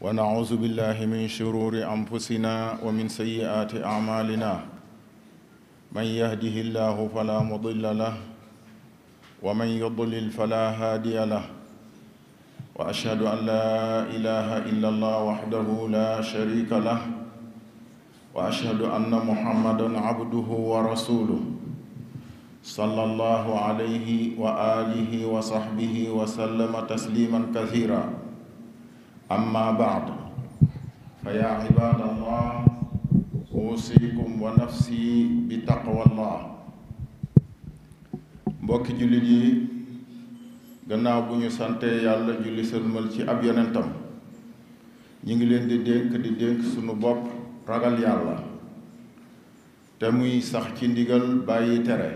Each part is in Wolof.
ونعوذ بالله من شرور أنفسنا ومن سيئات أعمالنا من يهده الله فلا مضل له ومن يضلل فلا هادي له وأشهد أن لا إله إلا الله وحده لا شريك له وأشهد أن محمدا عبده ورسوله صلى الله عليه وآله وصحبه وسلم تسليما كثيرا أما بعد فيا عباد الله أوصيكم ونفسي بتقوى الله mbokki jullit yi gannaaw bu ñu sante yàlla julli sëlmal ci ab yeneentam ñu ngi leen di dénk di dénk sunu bopp ragal yàlla te muy sax ci ndigal bàyyi tere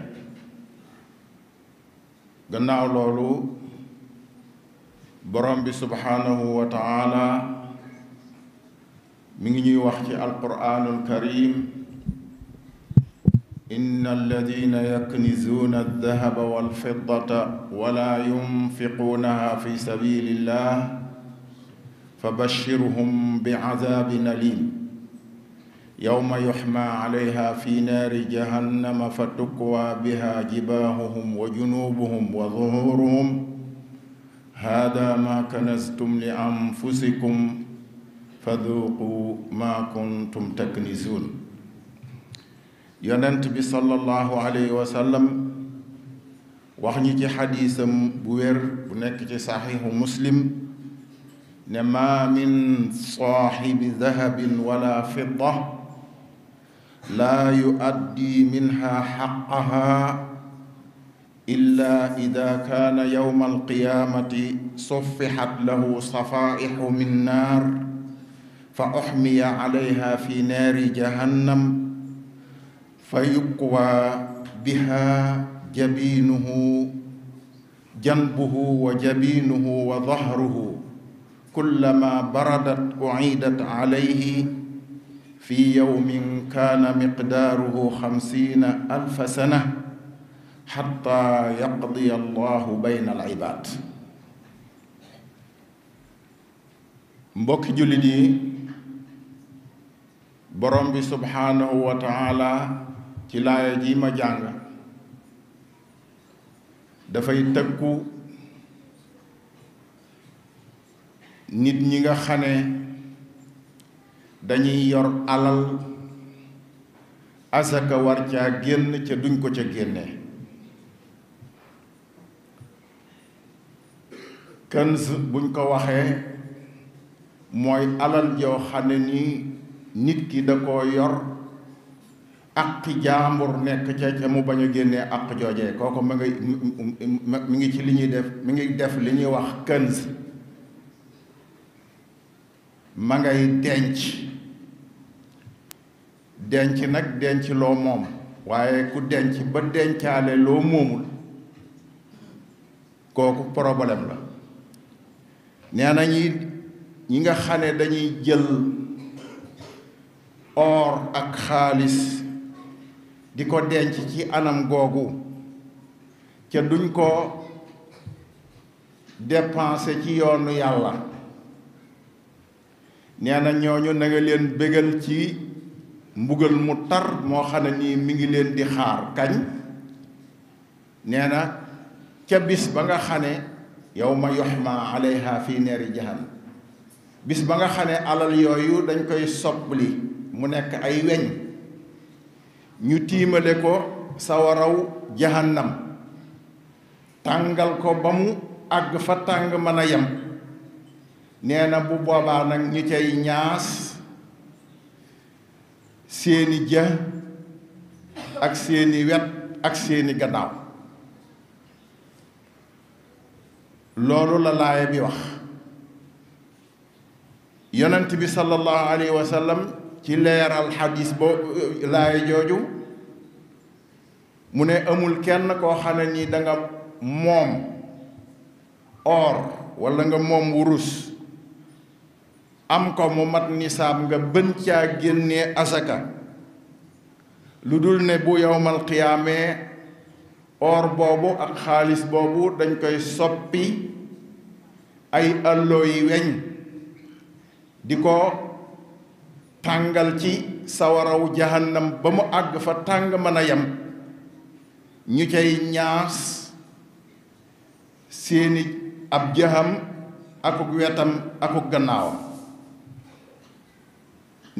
gannaaw loolu borom bi subhaanahu wa taala mi ngi ñuy wax ci alquraanul karim إن الذين يكنزون الذهب والفضة ولا ينفقونها في سبيل الله فبشرهم بعذاب أليم يوم يحمى عليها في نار جهنم فتكوى بها جباههم وجنوبهم وظهورهم hada ma kanastum li anfusikum faduqu ma kuntum taknizun yonent bi sallallahu alayhi wa sallam wax ñi ci xadiisam bu wér bu nekk ci saxiixu muslim ne maa min saaxibi dahabin wala fidda laa yuaddi minha xaqaha إلا إذا كان يوم القيامة صفحت له صفائح من نار فأحمي عليها في نار جهنم فيقوى بها جبينه جنبه وجبينه وظهره كلما بردت أعيدت عليه في يوم كان مقداره خمسين ألف سنة xatta yaqdiya allahu bayna al ibaad mbokki jullit yi borom bi subhaanahu wa ci laaya ji ma jàng dafay tëkku nit ñi nga xam ne dañuy yor alal asaka war génn ca duñ ko ca génne kanz buñ ko waxee mooy alal joo xam ne nii nit ki da koo yor aqi jaambur nekk ca ca mu bañ a génnee aq joojee kooku mu ngi mi ngi ci li ñuy def mi ngi def li ñuy wax kanz ma ngay denc denc nag denc loo moom waaye ku denc ba dencaale loo moomul kooku porobalem la nee nañu ñi nga xam ne dañuy jël or ak xaalis di ko denc ci anam googu ca duñ ko dépenser ci yoonu yàlla nee na ñooñu na nga leen bégal ci mbugal mu tar moo xam ne nii mi ngi leen di xaar kañ nee na ca bis ba nga xam ne yow ma yoxma alayha fii neeri jahannam bis ba nga xam ne alal yooyu dañ koy soppali mu nekk ay weñ ñu tiimale ko sawaraw jahannam tàngal ko ba mu àgg fa tàng mën a yem nee na bu boobaa nag ñu cay ñaas seeni jë ak seeni wet ak seeni gannaaw loolu la laaya bi wax yonent bi sallallahu alayhi wa ci leeral xadis boo laaya jooju mu ne amul kenn koo xam ni danga da moom or walla nga moom wurus am ko mu mat nisaab nga bën ca génnee asaka lu dul ne bu yowmal qiyaamee or boobu ak xaalis boobu dañ koy soppi ay àlloo yi weñ di ko tàngal ci sawaraw jahannam ba mu àgg fa tàng mën a yem ñu cay ñaas seeni ab jaham akuk wetam akuk gannaawam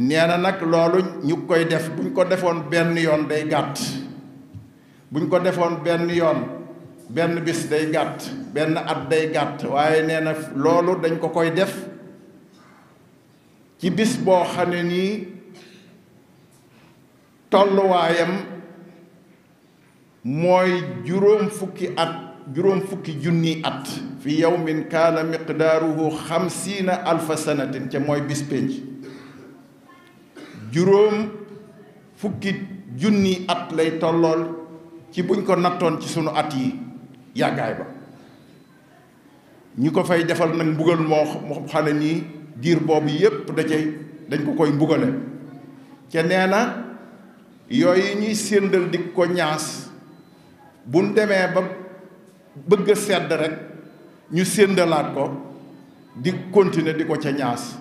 nee na nag loolu ñu koy def buñ ko defoon benn yoon day gàtt buñ ko defoon benn yoon benn bis day gàtt benn at day gàtt waaye nee na loolu dañ ko koy def ci bis boo xam ne nii tolluwaayam mooy juróom fukki at juróom fukki junni at fi yawmin kaana miqdaaruhu xamsiina alfa sanatin juróom fukki junni at lay tollool ci buñ ko nattoon ci sunu at yi yàggaay ba ñu ko fay defal nag mbugal moo moo xam ne nii diir boobu yépp da cay dañ ko koy mbugale ca nee na yooyu ñuy séndal di ko ñaas buñ demee ba bëgg a sedd rek ñu séndalaat ko di continuer di ko ca ñaas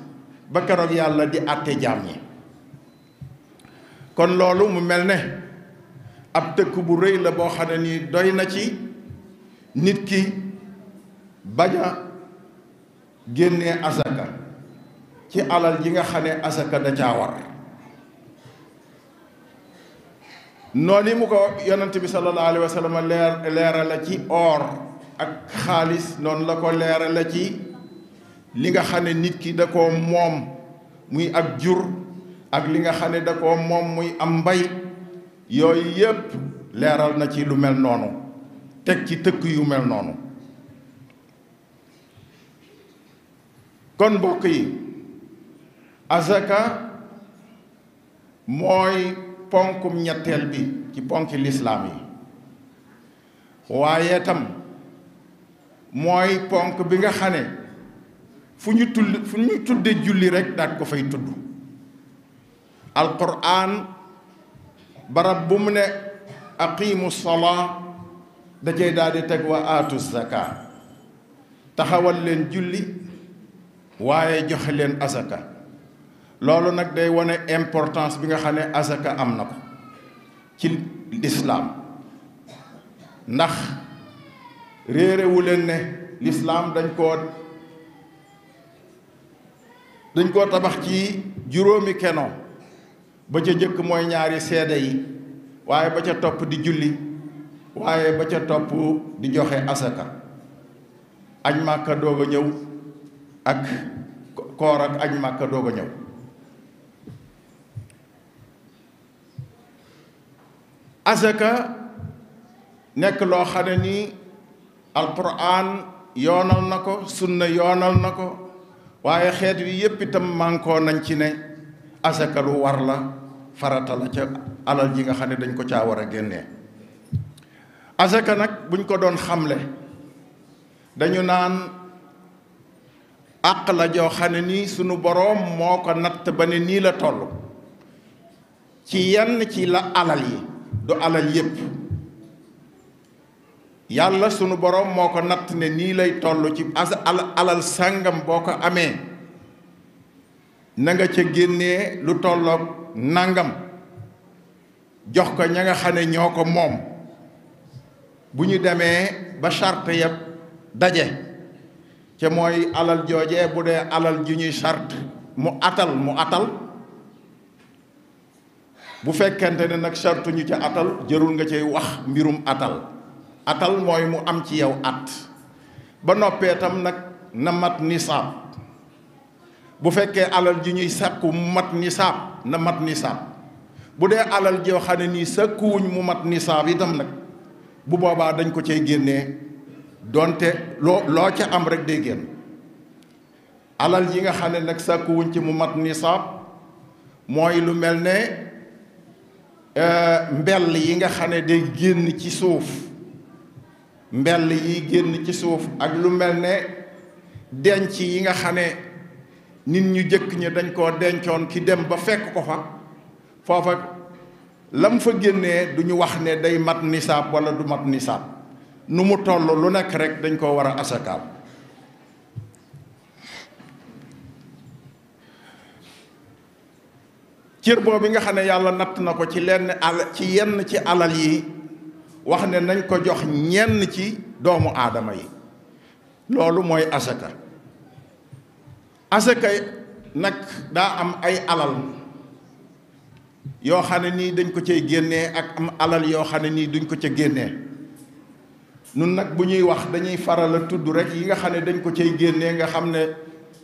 ba keroog yàlla di àtte jaam ñi kon loolu mu mel ne ab tëkk bu rëy la boo xam ne nii doy na ci nit ki bañ a génnee asaka ci alal ji nga xam ne asaka da caa war noonu mu ko yonent bi sallallahu alayhi wa sallam leer leera la ci or ak xaalis noonu la ko leera la ci li nga xam ne nit ki da koo moom muy ak jur ak li nga xam ne da koo moom muy am mbay yooyu yépp leeral na ci lu mel noonu teg ci tëkk yu mel noonu kon bokk yi azaka mooy ponkum ñetteel bi ci ponki lislaam yi waaye tam mooy ponk bi nga xam ne fu ñu tudd fu ñu tudde julli rekk daat ko fay tudd alquran barab bu mu ne aqimu salaa da cay teg wa aatu zaka taxawal leen julli waaye joxe leen asaka loolu nag day wane importance bi nga xam ne asaka am na ko ci lislaam ndax réerewu ne lislaam dañ koo dañ koo tabax ci juróomi keno ba ca jëkk mooy ñaari seede yi waaye ba ca topp di julli waaye ba ca topp di joxe asaka añ màkka doog ñëw ak koor ak añ màkka doog a ñëw asaka nekk loo xam ne nii alquran yoonal na ko sunna yoonal na ko waaye xeet wi yépp tam mànkoo nañ ci ne asaka lu war la farata la ca alal ji nga xam ne dañ ko caa war a génnee asaka nag buñ ko doon xamle dañu naan àq la joo xam ne nii sunu boroom moo ko natt ba ne nii la toll ci yenn ci la alal yi du alal yépp yàlla sunu boroom moo ko natt ne nii lay toll ci as sàngam boo ko amee na nga ca génnee lu tolloom nangam jox ko ña nga xam ñoo ko moom bu ñu demee ba charte yëpp daje ca mooy alal jooje bu dee alal ju ñuy charte mu atal mu atal bu fekkente ne nag charte ñu ca atal jërul nga cay wax mbirum atal atal mooy mu am ci yow at ba noppee tam nag na mat nisaab bu fekkee alal ji ñuy sàkku mat nisaab na mat nisaab bu dee alal joo xam ne nii sàkkuwuñ mu mat nisaab itam nag bu boobaa dañ ko cee génnee donte loo loo ca am rek day génn alal yi nga xam ne nag sàkkuwuñ ci mu mat nisaab mooy lu mel ne euh, mbell yi nga xam ne day génn ci suuf mbell yi génn ci suuf ak lu mel ne denc yi nga xam ne nit ñu jëkk ñi dañ koo dencoon ki dem ba fekk ko fa foofa lam fa génnee du ñu wax ne day mat nisaab wala du mat nisaab nu mu toll lu nekk rekk dañ koo war a asakaal cër boobu nga xam ne yàlla natt na ko ci lenn al ci yenn ci alal yi wax ne nañ ko jox ñenn ci doomu aadama yi loolu mooy asaka asaka nag daa am ay alal yoo xam ne nii dañ ko cay génnee ak am alal yoo xam ne nii duñ ko ca génnee nun nag bu ñuy wax dañuy faral a tudd rek yi nga xam ne dañ ko cay génnee nga xam ne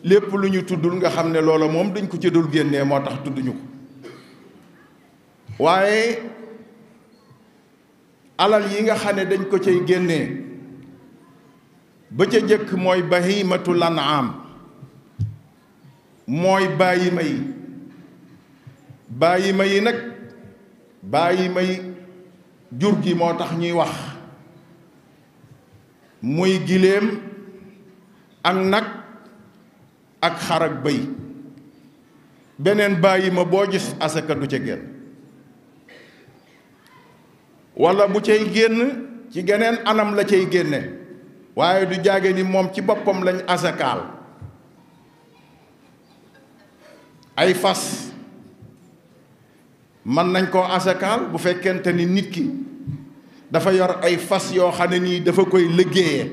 lépp lu ñu tuddul nga xam ne loolu moom dañ ko ca dul génnee moo tax tudduñu ko waaye alal yi nga xam ne dañ ko cay génnee ba ca jëkk mooy bahimatul an'am mooy bàyyi ma yi bàyyi ma yi nag bàyyi may jur gi moo tax ñuy wax muy giléem ak nag ak xar ak bëy beneen bàyyi ma boo gis asaka du ca génn wala bu cay génn ci geneen anam la cay génne waaye du jaage ni moom ci boppam lañ asakaal ay fas mën nañ koo asakaal bu fekkente ni nit ki dafa yor ay fas yoo xam ne nii dafa koy liggéeyee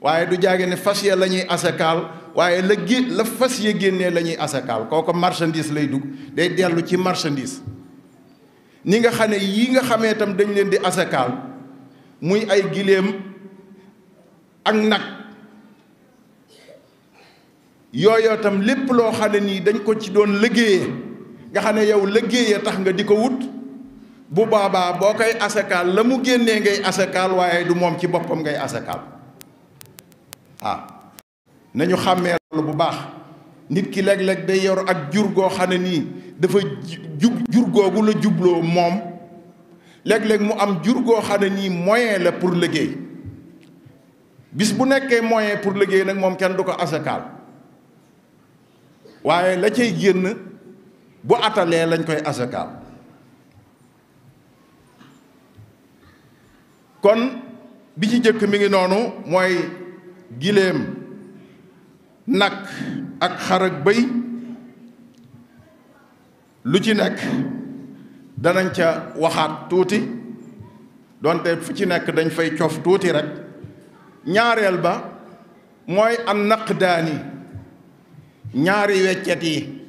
waaye du jaage ne fas ya la ñuy asakaal waaye la gé la fas ya génnee la ñuy asakaal kooko marchandise lay dugg day dellu ci marchandise ni nga xam ne yii nga xamee itam dañ leen di asakaal muy ay giléem ak nag yooyoo tam lépp loo xam ne nii dañ ko ci doon liggéeyee nga xam ne yow liggéeyee tax nga di ko wut bu boobaa boo koy asakaal la mu génnee ngay asakaal waaye du moom ci boppam ngay asakaal waaw nañu xàmmee loolu bu baax nit ki léeg-léeg day yor ak jur goo xam nii dafa jub jur googu la jubloo moom léeg-léeg mu am jur goo xam ne nii moyen la pour liggéey bis bu nekkee moyen pour liggéey nag moom kenn du ko asakaal waaye la cay génn bu atalee lañ koy asakaal kon bi ci jëkk mi ngi noonu mooy giléem nag ak xar ak bëy lu ci nekk danañ ca waxaat tuuti donte fu ci nekk dañ fay coof tuuti rek ñaareel ba mooy am naq daani ñaari weccet yi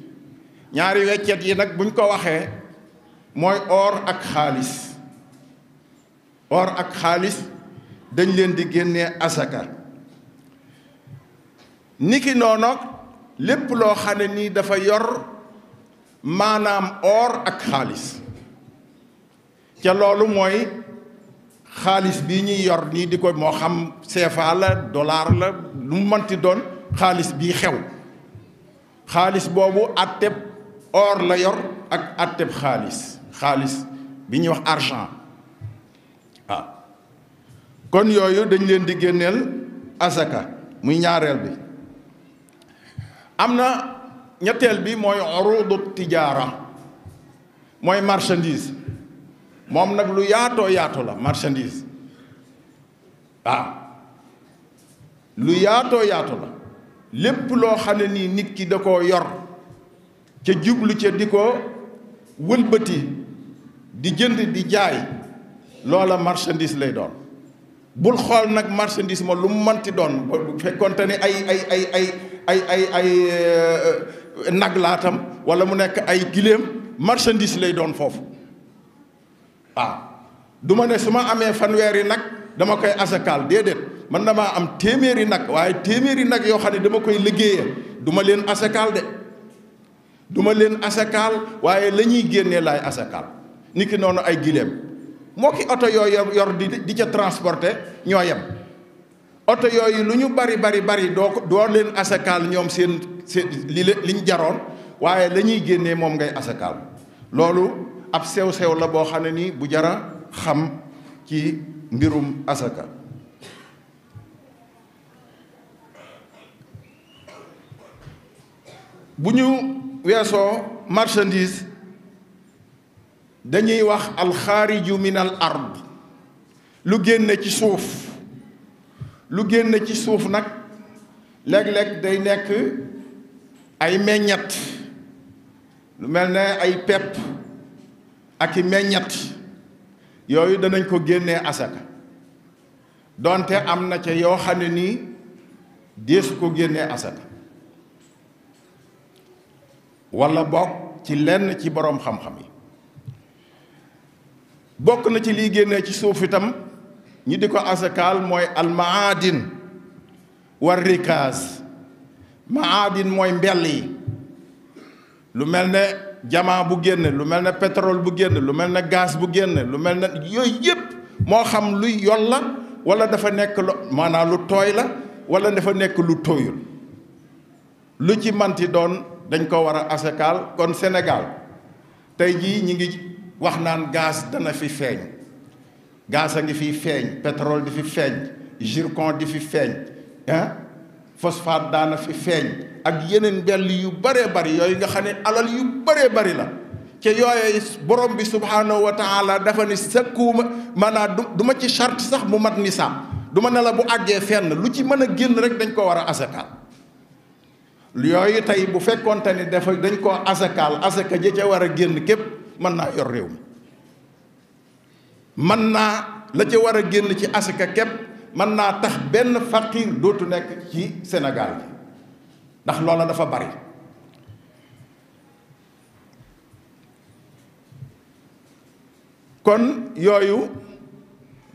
ñaari weccet yi nag buñ ko waxee mooy or ak xaalis or ak xaalis dañ leen di génnee asaka niki noonoog lépp loo xam ne nii dafa yor maanaam or ak xaalis ca loolu mooy xaalis bi ñuy yor nii di ko moo xam CFA la dollar la lu mu mënti doon xaalis bii xew xaalis boobu atteb or la yor ak atteb xaalis xaalis bi ñuy wax argent ah. kon yooyu dañ leen di génneel asaka muy ñaareel bi am na ñetteel bi mooy urudu tijaara mooy marchandise moom nag lu yaatoo yaatu la marchandise waaw ah. lu yaatoo yaatu la lépp loo xam ne nii nit ki da koo yor ca jublu ca di ko wëlbati di jënd di jaay loola marchandise lay doon bul xool nag marchandise ma lu mu mënti doon bu fekkonte ne ay ay ay ay ay ay ay euh, nag laatam wala mu nekk ay giléem marchandise lay doon foofu waaw ah, du ma ne su ma amee fanweer yi nag dama koy asakaal déedéet mën na damaa am téeméeri nag waaye téeméeri nag yoo xam ne dama koy liggéeya duma leen asakaal de du leen asakaal waaye lañuy ñuy génnee laay asakaal ni ki noonu ay gileem moo ki oto yooyu yor di di ca transporter ñoo yem oto yooyu lu ñu bari bari bari doo ko doo leen asakaal ñoom seen seen li liñ jaroon waaye la génne moom ngay asakaal loolu ab sew-sew la boo xam ne nii bu jara xam ci mbirum asaka bu ñu weesoo marchandise dañuy wax alxaariju min al ard lu génn ci suuf lu génn ci suuf nag léeg-léeg day nekk ay meññat lu mel na ay pepp ak i meññat yooyu danañ ko génnee asaka doonte am na ca yoo xam ne nii deesu ko génnee asaka wala bokk ci lenn ci boroom xam-xam yi bokk na ci liy génnee ci suuf itam ñi di ko asakaal mooy almaadin war rikaas maadin mooy mbell yi lu mel ne jamaa bu génn lu mel ne pétrole bu génn lu mel ne gaz bu génn lu mel ne yooyu yëpp moo xam luy yol la wala dafa nekk lu maanaam lu tooy la wala dafa nekk lu tooyul lu ci manti doon dañ ko war a asakaal kon Sénégal tey jii ñi ngi wax naan gaz dana fi feeñ gaz a ngi fi feeñ pétrole di fi feeñ zircon di fi feeñ ah phosphate daana fi feeñ ak yeneen mbell yu bëree bari yooyu nga xam ne alal yu bëree bëri la ca yooyu borom bi subhanahu wa taala dafa ni sëkkuuma maanaam du du ma ci chart sax mu mat nisaab du ma ne la bu àggee fenn lu ci mën a génn rek dañ ko war a asakaal yooyu tey bu fekkoonte ni dafa dañ koo asakaal asaka ji ca war a génn képp mën naa yor réew mi mën naa la ca war a génn ci asaka képp mën naa tax benn faqiir dootu nekk ci senegal bi ndax loola dafa bari kon yooyu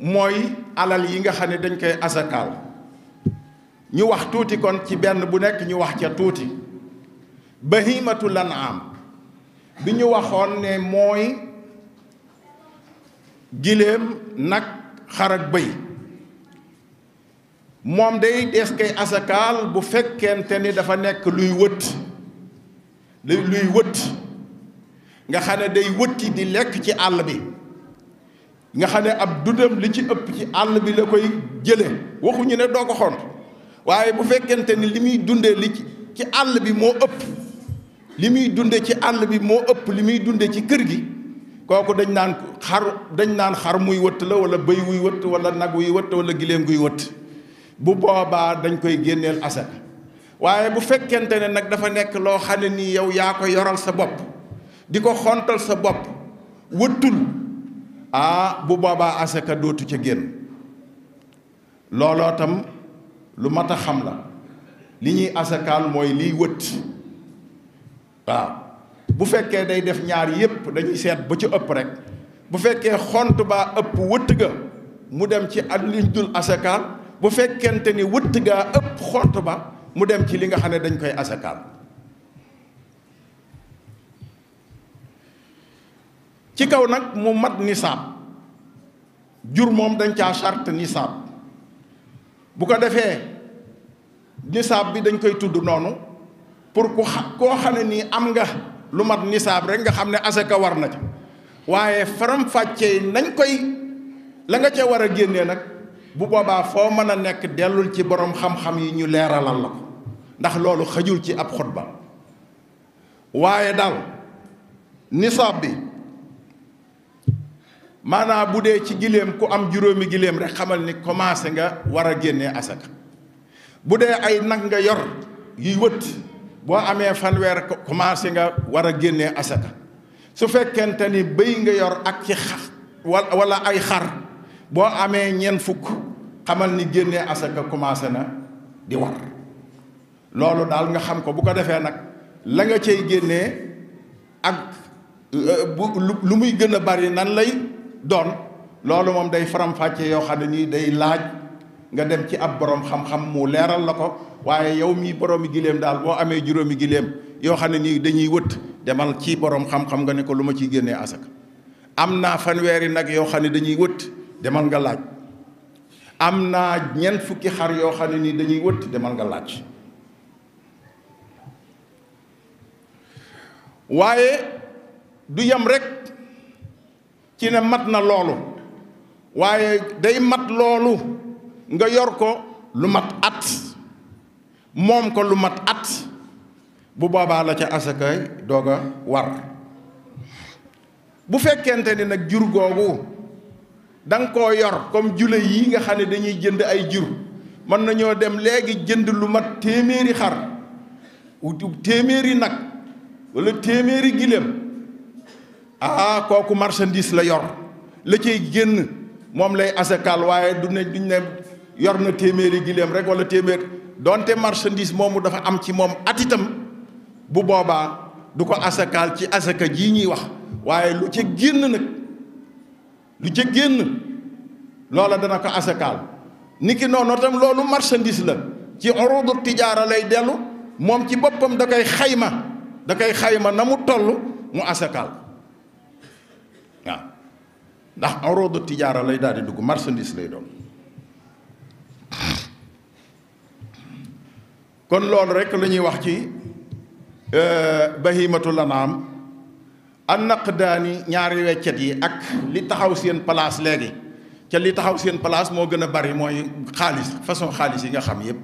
mooy alal yi nga xam ne dañ koy asakaal ñu wax tuuti kon ci benn bu nekk ñu wax ca tuuti bahimatul an'am bi ñu waxoon ne mooy giléem nag xar ak bëy moom day dees koy asakaal bu fekkente ni dafa nekk luy wët luy wët nga xam ne day wëtti di lekk ci àll bi nga xam ne ab dundam li ci ëpp ci àll bi la koy jële waxuñu ne doo ko xont waaye bu fekkente ni li muy dundee li ci àll bi moo ëpp li muy dunde ci àll bi moo ëpp li muy dunde ci kër gi kooku dañ naan xar dañ naan xar muy wëtt la wala bëy wuy wëtt wala nag wuy wëtt wala giléem guy wëtt bu boobaa dañ koy génneel asaka waaye bu fekkente ne nag dafa nekk loo xam ne nii yow yaa ko yoral sa bopp di ko xontal sa bopp wëttul ah bu boobaa asaka dootu ca génn looloo tam lu mat a xam la li ñuy asakaal mooy liy wët waaw bu fekkee day def ñaar yépp dañuy seet ba ci ëpp rek bu fekkee xont baa ëpp wëtt ga mu dem ci ak liñ dul asakaal bu fekkente ni wëtt gaa ëpp xont ba mu dem ci li nga xam ne dañ koy asakaal ci kaw nag mu mat nisaab jur moom dañ caa charte nisaab bu ko defee nisaab bi dañ koy tudd noonu pour ku xa koo xam ne nii am nga lu mat nisaab rek nga xam ne asaka war na ca waaye faram-fàccee nañ koy la nga cee war a génnee nag bu boobaa foo mën a nekk dellul ci boroom xam-xam yi ñu leeralal la ko ndax loolu xajul ci ab xutba waaye daal nisaab bi maanaam bu dee ci giléem ku am juróomi giléem rek xamal ni commencé nga war a génnee asaka bu dee ay nag nga yor yuy wët boo amee fanweer ko commencé nga war a génnee asaka su fekkente ni bëy nga yor ak ci xar wala ay xar boo amee ñeent fukk xamal ni génne asaka commencé na di war loolu daal nga xam ko bu ko defee nag la nga cay génnee ak euh, bu lu muy gën a bari nan lay doon loolu moom day faram-fàcce yoo xam ne nii day laaj nga dem ci ab boroom xam-xam mu leeral la ko waaye yow mii boroomi giléem daal boo amee juróomi giléem yoo xam ne nii dañuy wët demal ci borom xam nga ne ko lu ma ciy génnee asaka am naa fanweeri nag yoo xam ne dañuy wët demal nga laaj am naa ñeent fukki xar yoo xam ne nii dañuy wët demal nga laaj waaye du yem rekk ci ne mat na loolu waaye day mat loolu nga yor ko lu mat at moom ko lu mat at bu boobaa la ca asakaay doog war bu fekkente ni nag jur googu da koo yor comme jule yi nga xam ne dañuy jënd ay jur mën nañoo dem léegi jënd lu mat téeméeri xar téeméeri nag wala téeméeri giléem ah kooku marchandise la yor la cay génn moom lay asakal waaye du ne duñ ne yor na téeméeri gileem rek wala téeméer donte marchandise moomu dafa am ci moom at itam bu boobaa du ko asakal ci asaka jii ñuy wax waaye lu ca génn nag lu ci génn loola dana ko asakaal niki noonu tam loolu marchandise la ci urudu tijaara lay dellu moom ci boppam da koy xayma da koy xayma na mu toll mu asakaal ndax awroodu tijaara lay daal di dugg marchandise lay doon kon loolu rek lañuy wax ci euh, bahimatul anaam an naqdaani ñaari weccet yi ak li taxaw seen place léegi ca li taxaw seen place moo gën a bari mooy xaalis façon xaalis yi nga xam yépp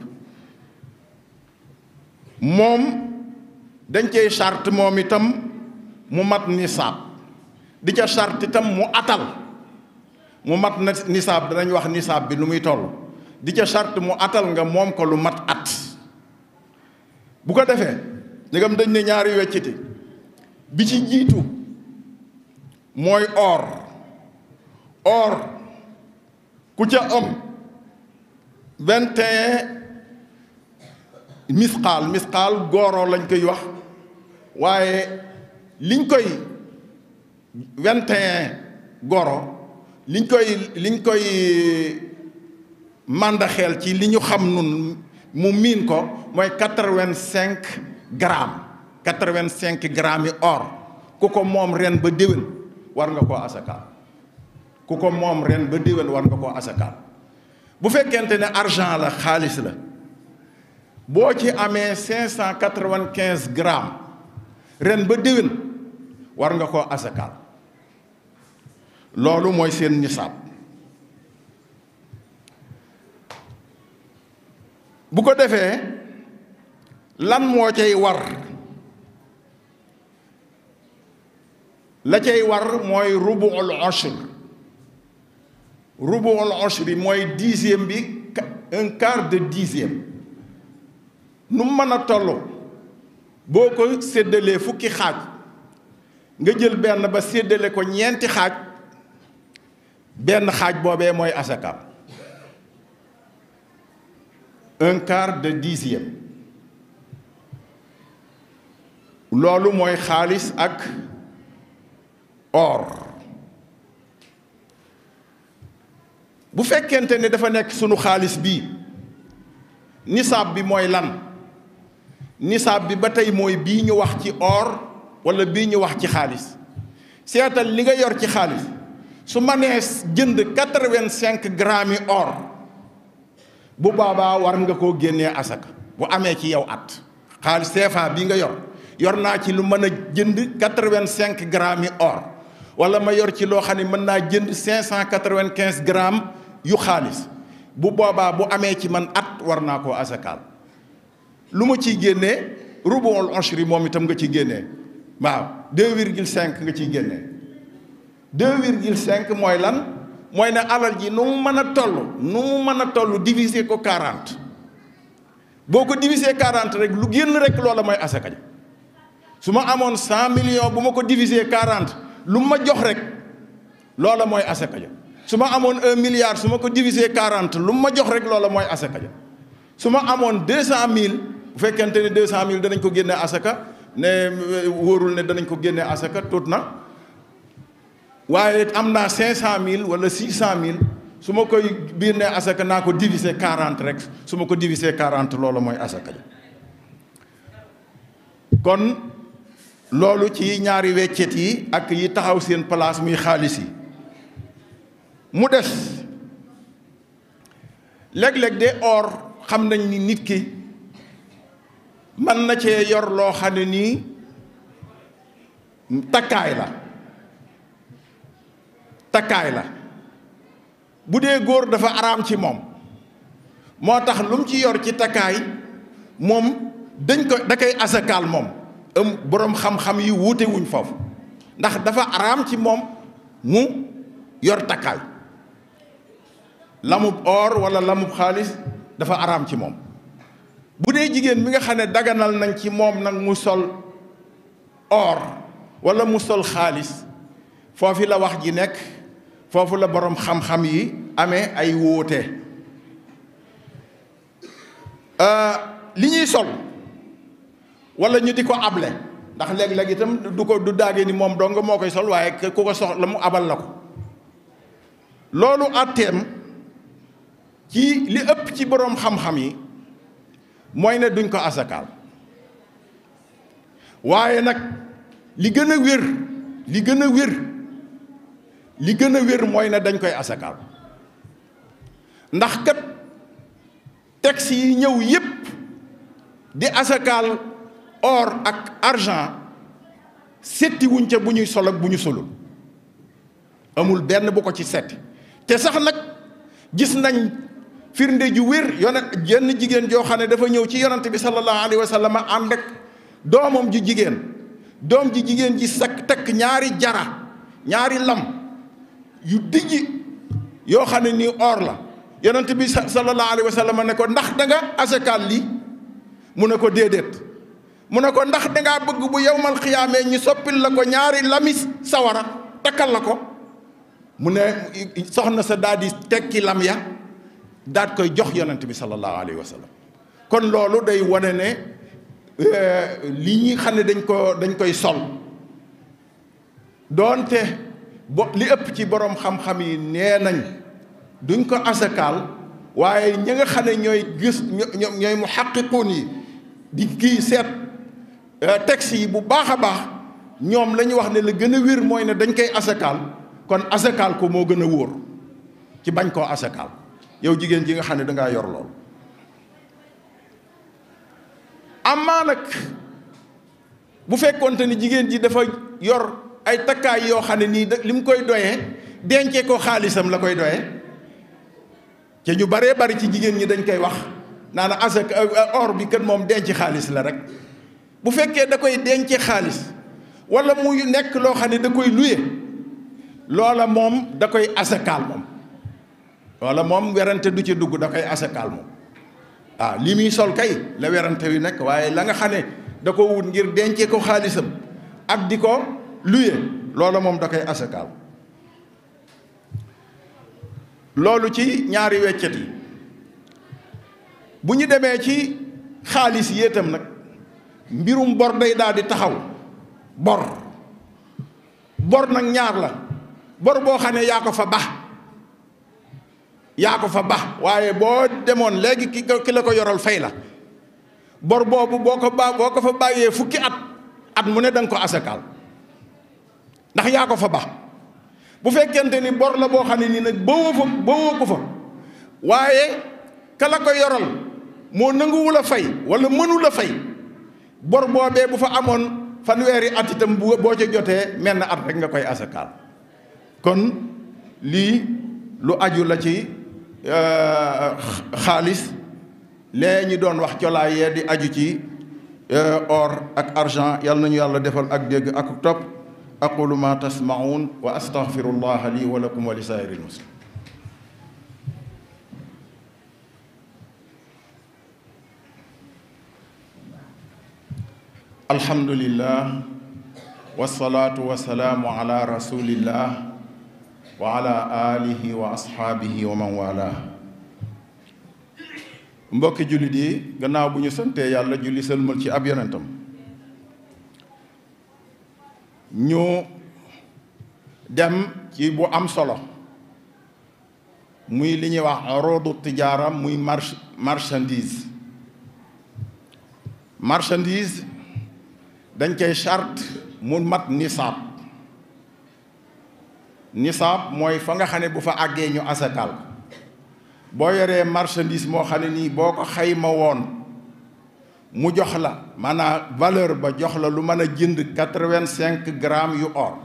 moom dañ cay chart moom itam mu mat nisaab di ca charte itam mu atal mu mat na nisaab danañ wax nisaab bi lu muy toll di ca charte mu atal nga moom ko lu mat at bu ko defee ndegam dañ ne ñaari wecciti bi ci njiitu mooy or or ku ca am vingt et un misqaal misqaal gooroo lañ koy wax waaye liñ koy vingt et goro liñ koy liñ koy màndaxeel ci li ñu xam nun mu miin ko mooy quatre-vingt-cinq grammes quatre-vingt-cinq grammes or ku ko moom ren ba déwén war nga koo asakaal ku ko moom ren ba déwén war nga koo asakaal bu fekkente ne argent la xaalis la boo ci amee cinq cent quatre vingt ren ba déwén war nga koo asakaal loolu mooy seen nisaab bu ko defee lan moo cay war la cay war mooy rubuul ashr rubuul ashr bi mooy dixième bi un quart de dixième nu mën a toll boo ko séddalee fukki xaaj nga jël benn ba séddale ko ñeenti xaaj benn xaaj boobee mooy asaka un de dixième loolu mooy xaalis ak or bu fekkente ne dafa nekk sunu xaalis bii nisaab bi mooy lan nisaab bi ba tey mooy bii ñu wax ci or walla bii ñu wax ci xaalis seetal li nga yor ci xaalis su ma nee jënd quatre-vingt-cinq grammes or bu boobaa war nga koo génnee asaka bu amee ci yow at xaalis CFA bi nga yor yor naa ci lu mën a jënd quatre-vingt-cinq or wala ma yor ci loo xam ne mën naa jënd cinq cent quatre-vingt-quinze yu xaalis bu boobaa bu amee ci man at war naa koo asakaal lu ma ciy génnee rubul onshri moom itam nga ciy génnee waaw deux virgule nga ciy génnee deux virgule cinq mooy lan mooy ne alal ji nu mu mën a toll nu mu mën a tollu diviser ko quarante boo ko diviser quarante rek lu génn rek loola mooy asaka su ma amoon cent millions bu ma ko diviser quarante lu ma jox rek loola mooy asaka ja su ma amoon un milliard su ma ko diviser quarante lu ma jox rek loola mooy asaka ja su ma amoon deux cent mille bu fekkente ne deux cent mille danañ ko génne asaka ne wóorul ne danañ ko génne asaka tuut na waaye am naa cinq cent mille wala six cent mille su ma koy biir ne asaka naa ko diviser quarante rek su ma ko diviser quarante loolu mooy asaka kon loolu ci ñaari weccet yi ak yi taxaw seen place muy xaalis yi mu des léeg-léeg de or xam nañ ni nit ki mën na cee yor loo xam ne nii takkaay la takkaay la bu dee góor dafa araam ci moom moo tax lu ci yor ci takkaay moom dañ ko da koy asakaal moom am boroom xam-xam yi wuute foofu ndax dafa araam ci moom mu yor takkaay lamub or walla lamub xaalis dafa araam ci moom bu dee jigéen mi nga xam ne daganal nañ ci moom nag mu sol or walla mu sol xaalis foofu la wax ji nekk foofu la boroom xam-xam yi amee ay wóote euh, li ñuy sol walla ñu di ko able ndax léeg-léeg itam du ko du daage ni moom dong moo koy sol waaye ku ko soxla mu abal la ko loolu àtteem ci li ëpp ci boroom xam-xam yi mooy ne duñ ko asakaal waaye nag li gën a wér li gën a wér li gën a wér mooy na dañ koy asakaal ndax kat texte yi ñëw yépp di asakaal or ak argent setti wuñ bu ñuy sol ak bu ñu solul amul benn bu ko ci setti te sax nag gis nañ firnde ju wér yonent jenn jigéen joo xam ne dafa ñëw ci yonent bi sallallahu alayhi wa sallam ànd ju jigéen doom ji jigéen ji sakk takk ñaari jara ñaari lam yu dijji yoo xam ne nii or la yonent bi sallallahu alayhi wa sallam ne ko ndax da nga asakaal lii mu ne ko déedéet mu ne ko ndax danga bëgg bu yowmal xiyaamee ñu soppil la ko ñaari lamis sawara takkal la ko mu ne soxna sa daal di tekki lam ya daat koy jox yonent bi sallallahu alayhi wa sallam kon loolu day wane ne euh, lii ñuy xam ne dañ ko dañ koy sol doonte bo li ëpp ci boroom xam-xam yi nee nañ duñ ko asakaal waaye ñi nga xam ne ñooy gis ñooy mu xaqiquun yi di kii seet euh, texte yi bu baax a baax ñoom lañu wax ne la gën a wér mooy ne dañ koy asakaal kon asakaal ko moo gën a wóor ci bañ koo asakaal yow jigéen ji nga xam ne dangaa yor lool amaa nag bu fekkoonte ni jigéen ji dafa yor ay takkaay yoo xam ne nii da li mu koy doyee dencee ko xaalisam la koy doyee te ñu baree bari ci jigéen ñi dañ koy wax naa na asak bi kat moom denc xaalis la rek bu fekkee da koy dencee xaalis wala muy nekk loo xam ne da koy luye loola moom da koy asakaal moom loola moom werante du ci dugg da koy asakaal moom waaw ah, li muy sol kay la werante wi nekk waaye la nga xam ne da ko wut ngir dencee ko xaalisam ak di ko luye loola moom da koy asakaal loolu ci ñaari weccet yi bu ñu demee ci xaalis yéetam nag mbirum bor day daal di taxaw bor bor nag ñaar la bor boo xam ne yaa ko fa ba yaa ko fa ba waaye boo demoon léegi ki ki la ko yoral fay la bor boobu boo ko ba boo ko fa bàyyee fukki at at mu ne da ko asakaal ndax yaa ko fa ba bu fekkente ni bor la boo xam ne nii nag bawoo fa bawoo ko waaye kala ko yoral moo nanguwul a fay wala mënul a fay bor boobee bu fa amoon fanweeri at itam boo ca jotee menn at rek nga koy asakaal kon lii lu aju la ci euh, xaalis lee ñu doon wax colaayee di aju ci euh, or ak argent yàlla nañu yàlla defal ak dégg ak topp aqulu ma tasmaun wa astaghfirullah li wa lakum wa li saa'iril muslimin alhamdulillah wasalaatu wasalaamu ala rasulillah wa ala alihi wa ashaabihi wa man wala mbokki jullit yi gannaaw bu ñu santee yàlla julli sëlmal ci ab yonentam ñu dem ci bu am solo muy li ñuy wax roodu tijaara muy march marchandise marchandise dañ koy charte mu mat nisaab nisaab mooy fa nga xam ne bu fa àggee ñu asakal boo yoree marchandise moo xam ne nii boo ko xayma woon mu jox la maanaam valeur ba jox la lu mën a jënd quatre-vingt-cinq grammes yu or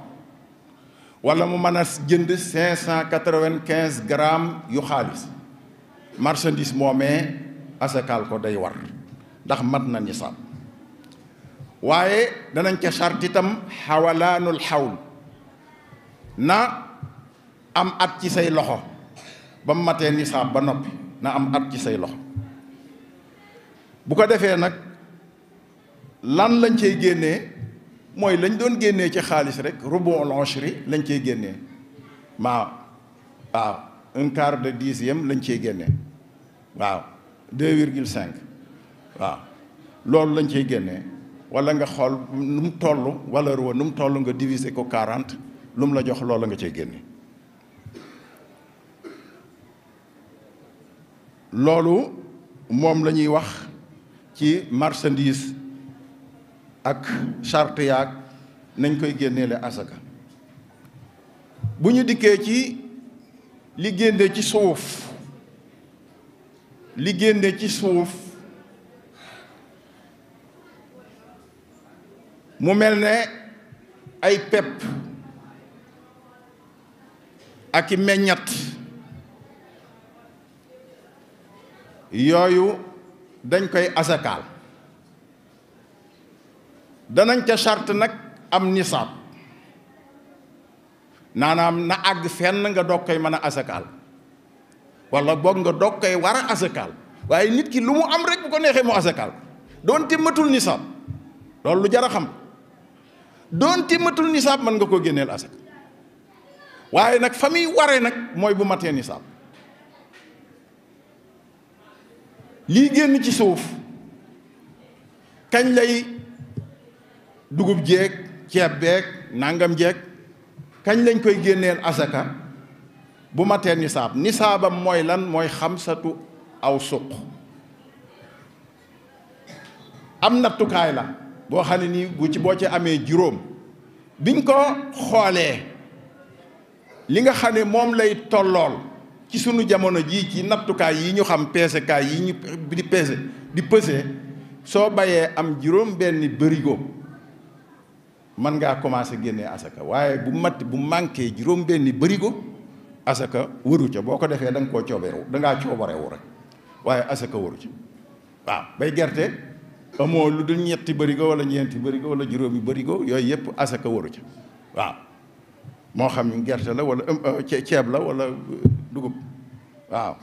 wala mu mën a jënd cinq cent quatre-vingt-quinze grammes yu xaalis marchandise moomee asakaal ko day war ndax mat na nisaab waaye danañ ca charte itam xawalaanul xawl na am at ci say loxo ba mu matee nisaab ba noppi na am at ci say loxo bu ko defee nag lan lañ cey génnee mooy lañ doon génnee ci xaalis rek rubon l'oncherie lañ cey génnee waaw waaw un quart de dixième lañ cee génnee waaw deux virgule cinq waaw loolu lañ cey génnee wala nga xool nu mu toll valeur wa nu mu toll nga diviser ko quarante lu mu la jox loola nga cey génne loolu moom la ñuy wax ci marchandise ak charte yaag nañ koy génneele asaka bu ñu dikkee ci li génne ci suuf li génne ci suuf mu mel ni ay pepp ak i yooyu dañ koy asakaal danañ ca charte nag am nisaab naanaam na àgg fenn nga doog koy mën a asakaal wala boog nga doog koy war a asakaal waaye nit ki lu mu am rek bu ko neexee mu asakaal doonte matul nisaab loolu lu jar a xam doonte matul nisaab mën nga koo génneel asaka waaye nag fa muy waree nag mooy bu matee nisaab lii génn ci suuf kañ lay dugub jeeg ceeb beeg nangam jeeg kañ lañ koy génneel asaka bu matee nisaab nisaabam mooy lan mooy xamsatu aw suq am nattukaay la boo xam nii boo ci amee juróom biñ ko xoolee li nga xam ne moom lay tollool ci sunu jamono jii ci nattukaay yi ñu xam peesekaay yi ñu di peese di pëse soo bayee am juróom benn bërigo mën ngaa commencé génnee asaka waaye bu matt bu manqué juróom benn bërigo asaka waru ca boo ko defee da nga koo coobarewu da ngaa coobarewu rek waaye asaka waru ca waaw bay gerte amoo lu dul ñetti bërigo wala ñeenti bërigo wala juróomi bërigo yooyu yëpp asaka waru ca waaw moo xam gerte la wala euh, euh, ceeb la wala euh, dugub waaw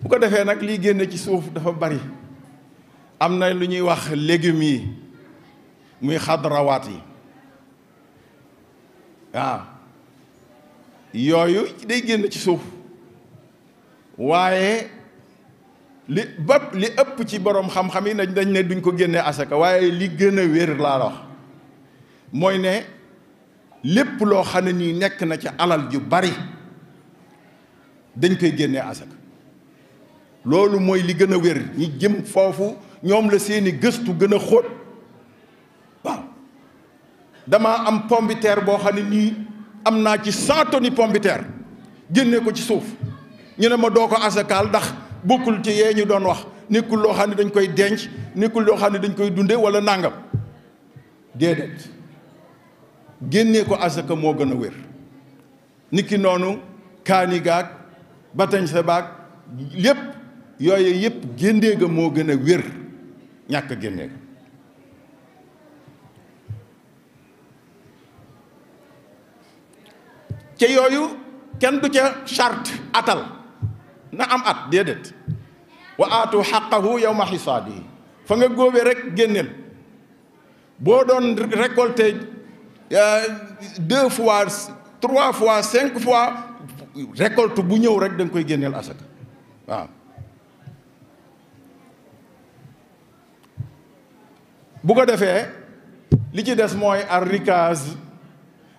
bu ko defee nag liy génne ci suuf dafa bari am na lu ñuy wax légumes yi muy xadrawaat yi waaw yooyu day génn ci suuf waaye li bëpp li ëpp ci boroom xam-xam yi dañ ne duñ ko génnee asaka waaye li gën a wér laa wax mooy ne lépp loo xam ne nii nekk na ci alal ju bari dañ koy génne asaka loolu mooy li gën a wér ñi jëm foofu ñoom la seeni gëstu gën a xóot waaw damaa am pombiteer boo xam ne nii am naa ci cent tonnes pombiteer génne ko ci suuf ñu ne ma doo ko asakaal ndax bokkul ci yee ñu doon wax nekkul loo xam ne dañ koy denc nekkul loo xam ne dañ koy dunde walla nàngam déedéet génnee ko asaka moo gën a wér niki noonu kaani gaag batañ sa baag lépp yooyu yépp génnee ga moo gën a wér ñàkk génnee ga ca yooyu kenn du ca charte atal na am at déedéet wa aatu xaqahu yawma xisaadihi fa nga góobee rek génneel boo doon récolter Euh, deux fois trois fois cinq fois récolte bu ñëw rek da koy génneel asaka waaw ko defee li ci des mooy ar rikaz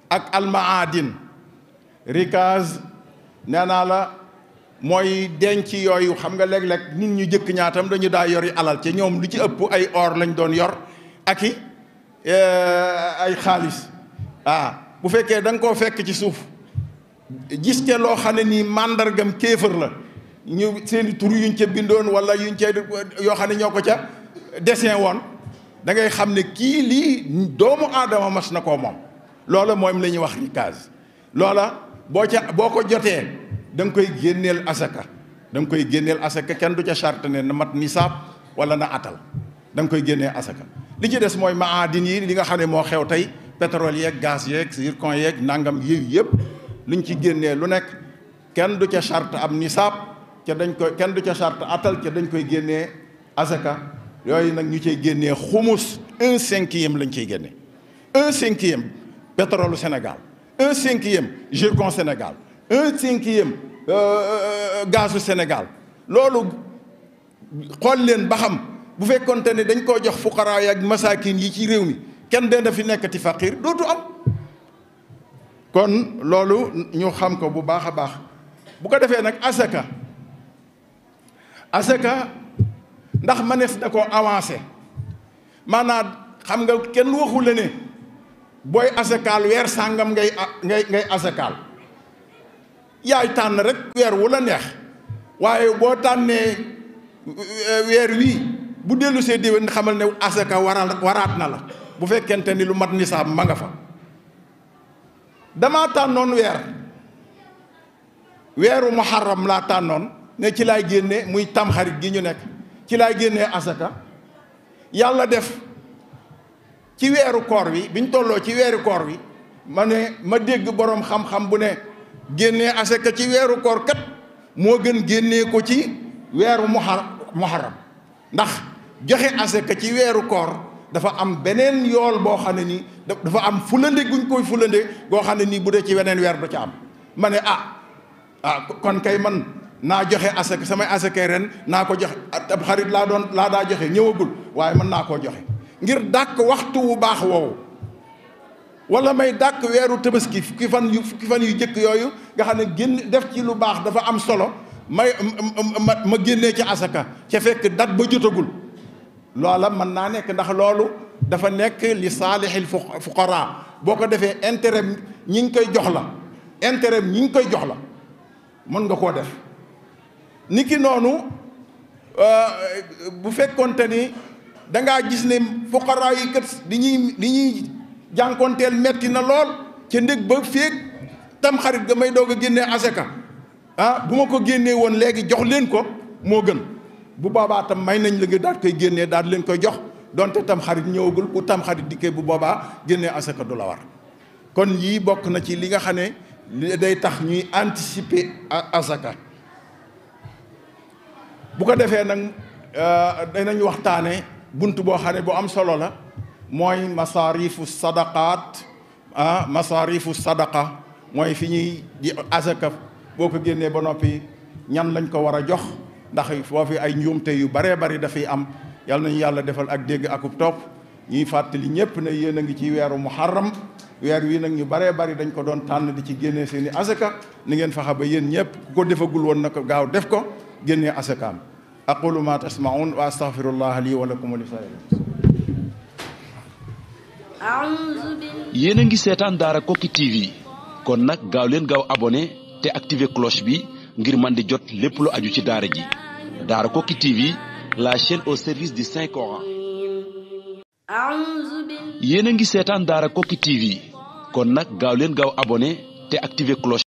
ak almaadin rikaz nee naa la mooy denc yooyu xam nga léeg-léeg nit ñu jëkk ñaatam dañu daa yori alal ci ñoom lu ci ëpp ay or lañ doon yor aki euh, ay xaalis ah bu fekkee da nga koo fekk ci suuf gis ke loo xam ne nii màndargam kéefër la ñu seeni tur yuñ ca bindoon wala yuñ ca yoo xam ne ñoo ko ca dessin woon da ngay xam ne kii lii doomu aadama mas na koo moom loola moom la ñuy wax rikaz loola boo ca boo ko jotee da koy génneel asaka da nga koy génneel asaka kenn du ca charte ne na mat nisaab wala na atal da koy génnee asaka li ci des mooy maadin yi li nga xam ne moo xew tey pétrole yeeg gaz yeeg zircon yeeg nangam yii yëpp ñu ci génnee lu nekk kenn du ca charte am nisaab ca dañ koy kenn du ca charte atal ca dañ koy génnee asaka yooyu nag ñu cay génnee xumus un cinquième lañ ciy génne un yem pétrole Sénégal un yem zircon Sénégal un cinquième euh, euh, euh, gazu Sénégal loolu xool leen ba xam bu fekkonte ne dañ koo jox fuqaraa ak masaakin yi ci réew mi kenn dee fi nekkati faqiir dootu am kon loolu ñu xam ko bu baax a baax bu ko defee nag asaka asaka ndax manees da ko avancé maanaam xam nga kenn waxu la ne booy asakaal weer sàngam ngay ngay ngay asakaal yaay tànn rek weer wu la neex waaye boo tànnee eh, weer wii bu dellu see déwén xamal ne asaka waral waraat na la bu fekkente ni lu mat nisaab ma nga fa dama tànnoon weer weeru muharram laa tànnoon ne ci laay génne muy tamxarit gi ñu nekk ci laay génne asaka yàlla def ci weeru koor wi biñ tolloo ci weeru koor wi ma ne ma dégg boroom xam-xam bu ne génnee asaka ci weeru koor kat moo gën génnee ko ci weeru muhar muharram ndax joxe asaka ci weeru koor dafa am beneen yool boo xam ne nii dafa am fulande guñ koy fulande goo xam ne nii bu dee ci weneen weer du ca am ma ne ah ah kon kay man naa joxe asaka samay asaka ren naa ko joxe at xarit laa doon laa daa joxe ñëwagul waaye mën naa koo joxe ngir dàkk waxtu wu baax woowu wala may dàkk weeru tabaski fukki fan yu fukki fan yu jëkk yooyu nga xam ne génn def ci lu baax dafa am solo may ma génnee ci asaka ca fekk dat ba jotagul loola mën naa nekk ndax loolu dafa nekk li saalixil fuqaraa boo ko defee intérêt ñi ngi koy jox la intérêt ñi ngi koy jox la mën nga koo def niki noonu euh, bu fekkonte ni dangaa gis ne fuqaraa yi kat di ñuy di ñuy jànkonteel metti na lool ca ndég ba féeg tam xarit ga may doog a génnee aseka ah bu ma ko génnee woon léegi jox leen ko moo gën bu boobaa tam may nañ la nga daal koy génnee daal leen koy jox donte tam xarit ñëwagul bu tam xarit dikkee bu boobaa génnee asaka du la war kon yii bokk na ci li nga xam ne day tax ñuy anticiper asaka bu ko defee nag euh, danañ waxtaane bunt boo xam ne bu am solo la mooy masaarifu sadaqaat ah masaarifu sadaqa mooy fi ñuy asaka boo ko génnee ba noppi ñan lañ ko war a jox ndax foofu ay njuumte yu baree bari dafay am yàlla nañu yàlla defal ak dégg akub topp ñuy fàttali ñëpp na yéen a ngi ci weeru muharram weer wi nag ñu baree bari dañ ko doon tànn di ci génne seen i asaka ni ngeen faxa ba yéen ñëpp ku ko defagul woon na ko gaaw def ko génnee asakaam aqulu ma tasmaun wa astaghfirullah lii wa lakum wa li yéen a ngi seetaan daara Koki TV kon nag gaaw leen gaaw abonné te activé cloche bi ngir man di jot lépp lu aju ci daara ji Daara Koki TV la chaîne au service du Saint Coran. yéen a ngi seetaan Daara Koki TV kon nag gaaw leen gaaw abonné te activer cloche.